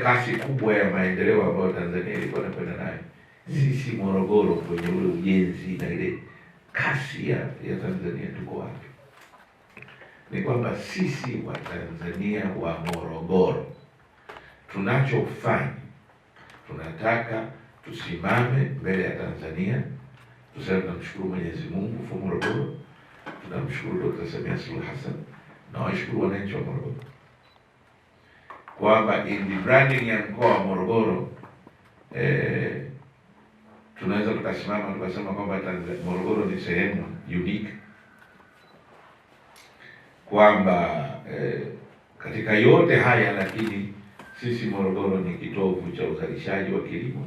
kasi kubwa ya maendeleo ambayo Tanzania ilikuwa inakwenda nayo, mm. sisi Morogoro kwenye ule ujenzi na ile kasi ya, ya Tanzania tuko wapi? Ni kwamba sisi Watanzania wa Morogoro tunachofanya, tunataka tusimame mbele ya Tanzania tuseme tunamshukuru Mwenyezi Mungu kwa Morogoro, tunamshukuru Dkt. Samia Suluhu Hassan na washukuru wananchi wa Morogoro kwamba in the branding ya mkoa wa Morogoro eh, tunaweza tukasimama tukasema kwamba Morogoro ni sehemu unique, kwamba eh, katika yote haya lakini sisi Morogoro ni kitovu cha uzalishaji wa kilimo,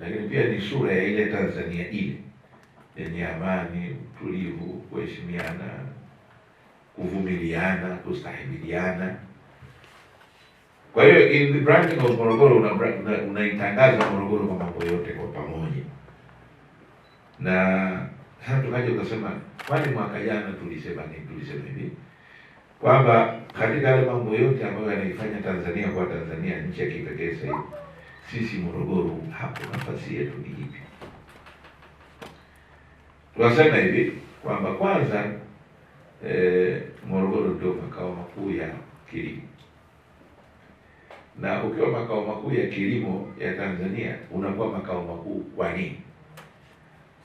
lakini pia ni sura ya ile Tanzania ile yenye amani, utulivu, kuheshimiana, kuvumiliana, kustahimiliana kwa hiyo in the branding of Morogoro unaitangaza una Morogoro kwa mambo yote kwa pamoja, na sasa tukaja ukasema, kwani mwaka jana tulisema ni Tulisema hivi kwamba katika yale mambo yote ambayo yanaifanya Tanzania kuwa Tanzania, nchi ya kipekee sasa sisi Morogoro hapo nafasi yetu ni ipi? Tunasema hivi kwamba kwanza, eh, Morogoro ndio makao makuu ya kilimo na ukiwa makao makuu ya kilimo ya Tanzania unakuwa makao makuu kwa nini?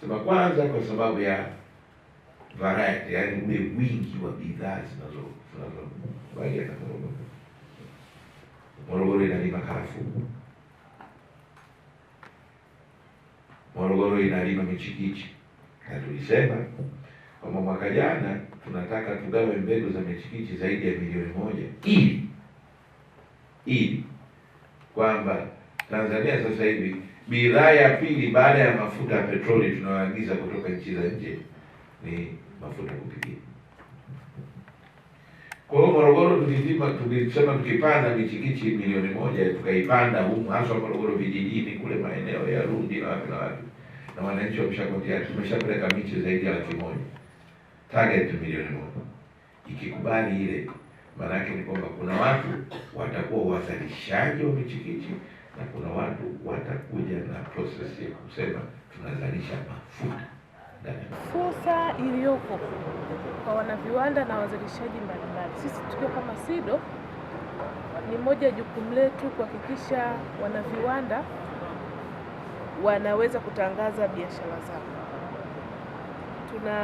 Sema kwanza, kwa sababu ya variety, yani ule wingi wa bidhaa zinazo zinazobalia ya Morogoro. Morogoro inalima karafuu, Morogoro inalima michikichi, na tulisema kwamba mwaka jana tunataka tugawe mbegu za michikichi zaidi ya milioni moja ili hili kwamba Tanzania sasa hivi bidhaa ya pili baada ya mafuta ya petroli tunayoagiza kutoka nchi za nje ni mafuta kupikia. Kwa hiyo Morogoro tulipima, tulisema tukipanda michikichi milioni moja tukaipanda humu haswa Morogoro vijijini kule maeneo ya Rundi na wapi na wapi, na wananchi wameshakwambia tumeshapeleka miche zaidi ya laki moja, target milioni moja ikikubali ile maana ni kwamba kuna watu watakuwa wazalishaji wa michikichi na kuna watu watakuja na process ya kusema tunazalisha mafuta. Fursa iliyopo kwa wanaviwanda na wazalishaji mbalimbali, sisi tukiwa kama SIDO ni moja ya jukumu letu kuhakikisha wanaviwanda wanaweza kutangaza biashara zao tuna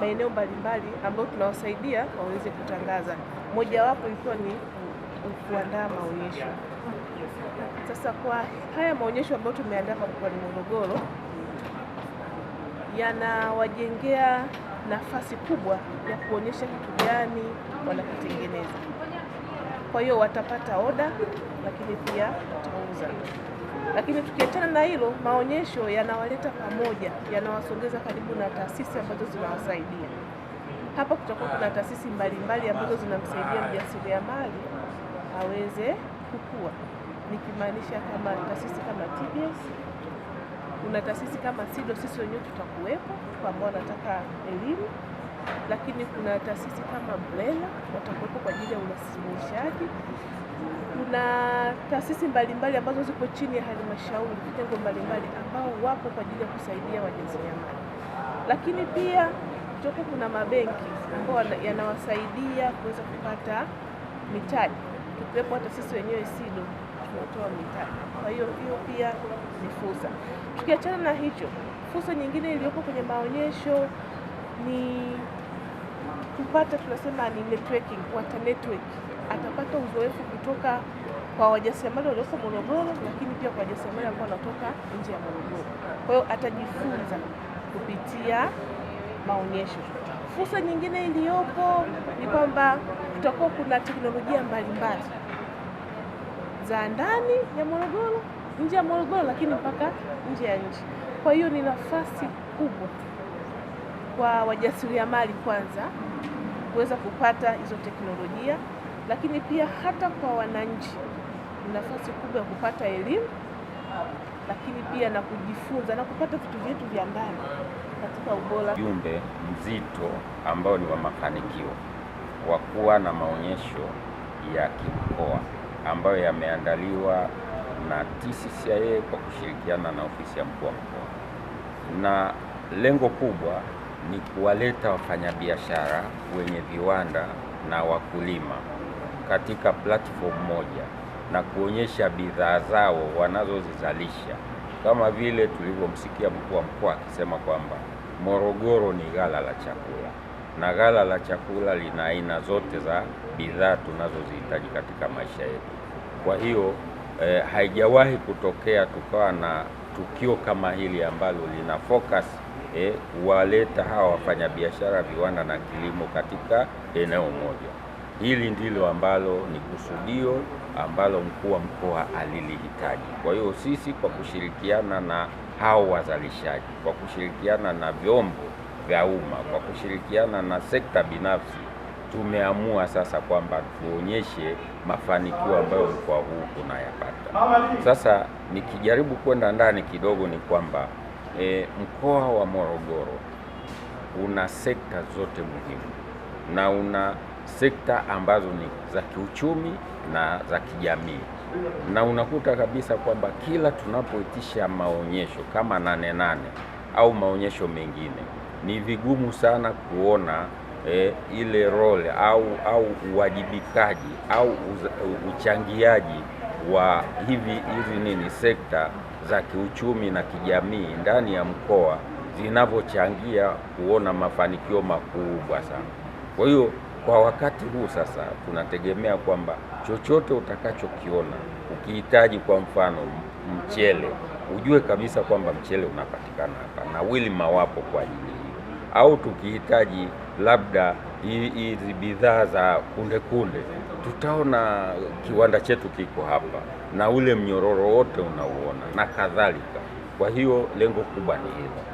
maeneo mbalimbali ambayo tunawasaidia waweze kutangaza. Mojawapo ilikuwa ni kuandaa maonyesho. Sasa kwa haya maonyesho ambayo tumeandaa kwa mkoani Morogoro yanawajengea nafasi kubwa ya kuonyesha kitu gani wanakitengeneza. Kwa hiyo watapata oda, lakini pia watauza. Lakini tukiachana na hilo, maonyesho yanawaleta pamoja, yanawasogeza karibu na taasisi ambazo zinawasaidia. Hapa kutakuwa kuna taasisi mbalimbali ambazo zinamsaidia mjasiriamali aweze kukua, nikimaanisha kama taasisi kama TBS kuna taasisi kama SIDO, sisi wenyewe tutakuwepo ambao wanataka elimu lakini kuna taasisi kama Brela watakuwepo kwa ajili ya urasimishaji. Kuna taasisi mbalimbali ambazo ziko chini ya halmashauri, vitengo mbalimbali ambao wapo kwa ajili ya kusaidia wajasiriamali, lakini pia toko kuna mabenki ambayo yanawasaidia kuweza kupata mitaji, tukiwepo hata sisi wenyewe SIDO tunatoa mitaji. Kwa hiyo hiyo pia ni fursa. Tukiachana na hicho, fursa nyingine iliyopo kwenye maonyesho ni kupata, tunasema ni networking, wata network atapata uzoefu kutoka kwa wajasiriamali walioko Morogoro, lakini pia kwa wajasiriamali ambao wanatoka nje ya Morogoro. Kwa hiyo atajifunza kupitia maonyesho. Fursa nyingine iliyopo ni kwamba kutakuwa kuna teknolojia mbalimbali za ndani ya Morogoro, nje ya Morogoro, lakini mpaka nje ya nchi. Kwa hiyo ni nafasi kubwa kwa wajasiriamali kwanza kuweza kupata hizo teknolojia, lakini pia hata kwa wananchi ni nafasi kubwa ya kupata elimu, lakini pia na kujifunza na kupata vitu vyetu vya ndani katika ubora. Jumbe mzito ambao ni wa mafanikio wa kuwa na maonyesho ya kimkoa ambayo yameandaliwa na TCCIA kwa kushirikiana na ofisi ya mkuu wa mkoa na lengo kubwa ni kuwaleta wafanyabiashara wenye viwanda na wakulima katika platform moja na kuonyesha bidhaa zao wanazozizalisha, kama vile tulivyomsikia mkuu wa mkoa akisema kwamba Morogoro ni ghala la chakula, na ghala la chakula lina aina zote za bidhaa tunazozihitaji katika maisha yetu. Kwa hiyo eh, haijawahi kutokea tukawa na tukio kama hili ambalo lina focus eh, kuwaleta hawa wafanyabiashara viwanda na kilimo katika eneo moja. Hili ndilo ambalo ni kusudio ambalo mkuu wa mkoa alilihitaji. Kwa hiyo sisi kwa kushirikiana na hao wazalishaji, kwa kushirikiana na vyombo vya umma, kwa kushirikiana na sekta binafsi tumeamua sasa kwamba tuonyeshe mafanikio ambayo mkoa huu unayapata. Sasa nikijaribu kwenda ndani kidogo, ni kwamba e, mkoa wa Morogoro una sekta zote muhimu na una sekta ambazo ni za kiuchumi na za kijamii, na unakuta kabisa kwamba kila tunapoitisha maonyesho kama Nane Nane au maonyesho mengine ni vigumu sana kuona e, ile role au au uwajibikaji au uchangiaji wa hivi hizi nini sekta za kiuchumi na kijamii ndani ya mkoa zinavyochangia kuona mafanikio makubwa sana. Kwa hiyo kwa wakati huu sasa tunategemea kwamba chochote utakachokiona ukihitaji, kwa mfano mchele, ujue kabisa kwamba mchele unapatikana hapa na Wilima wapo kwa ajili hiyo, au tukihitaji labda hizi bidhaa za kunde kunde tutaona kiwanda chetu kiko hapa na ule mnyororo wote unauona na kadhalika. Kwa hiyo lengo kubwa ni hilo.